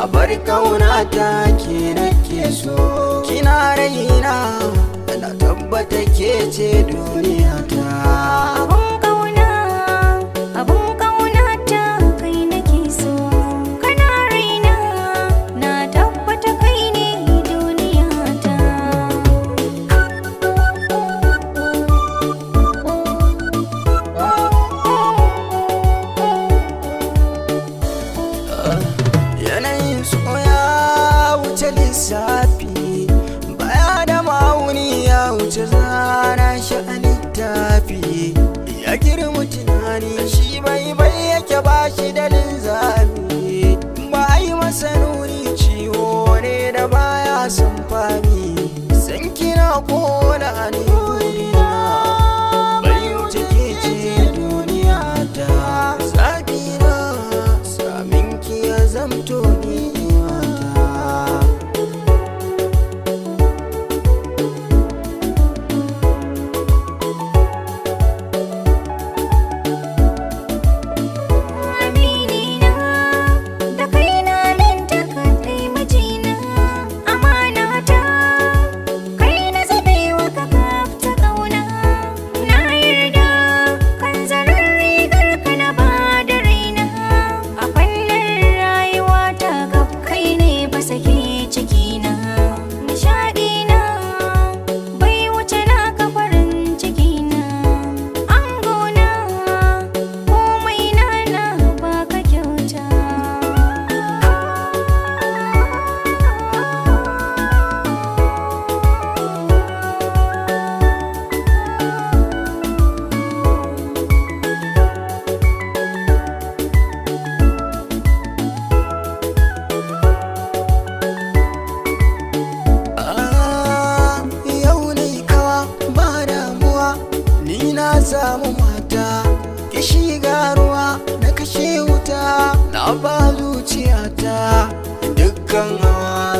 a bar kauna ta ke nake so kina raina na tabbata ke ce duniya ta lissafi baya da ma'auni ya wuce zara shi a littafi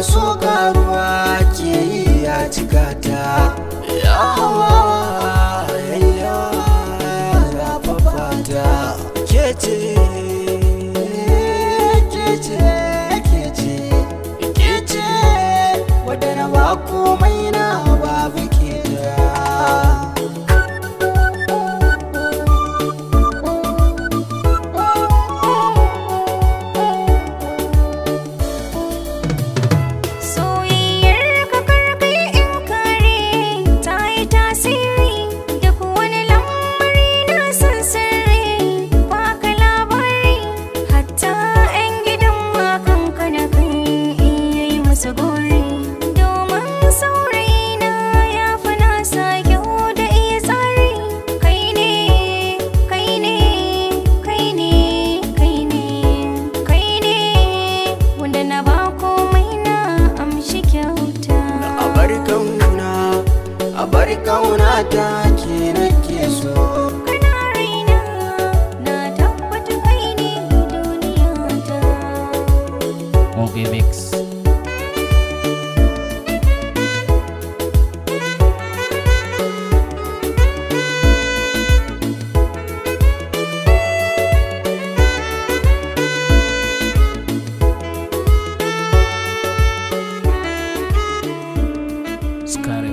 so ruwa ke yi a cika ta ke nake so kana raina na tabbata kai ne duniya ta okay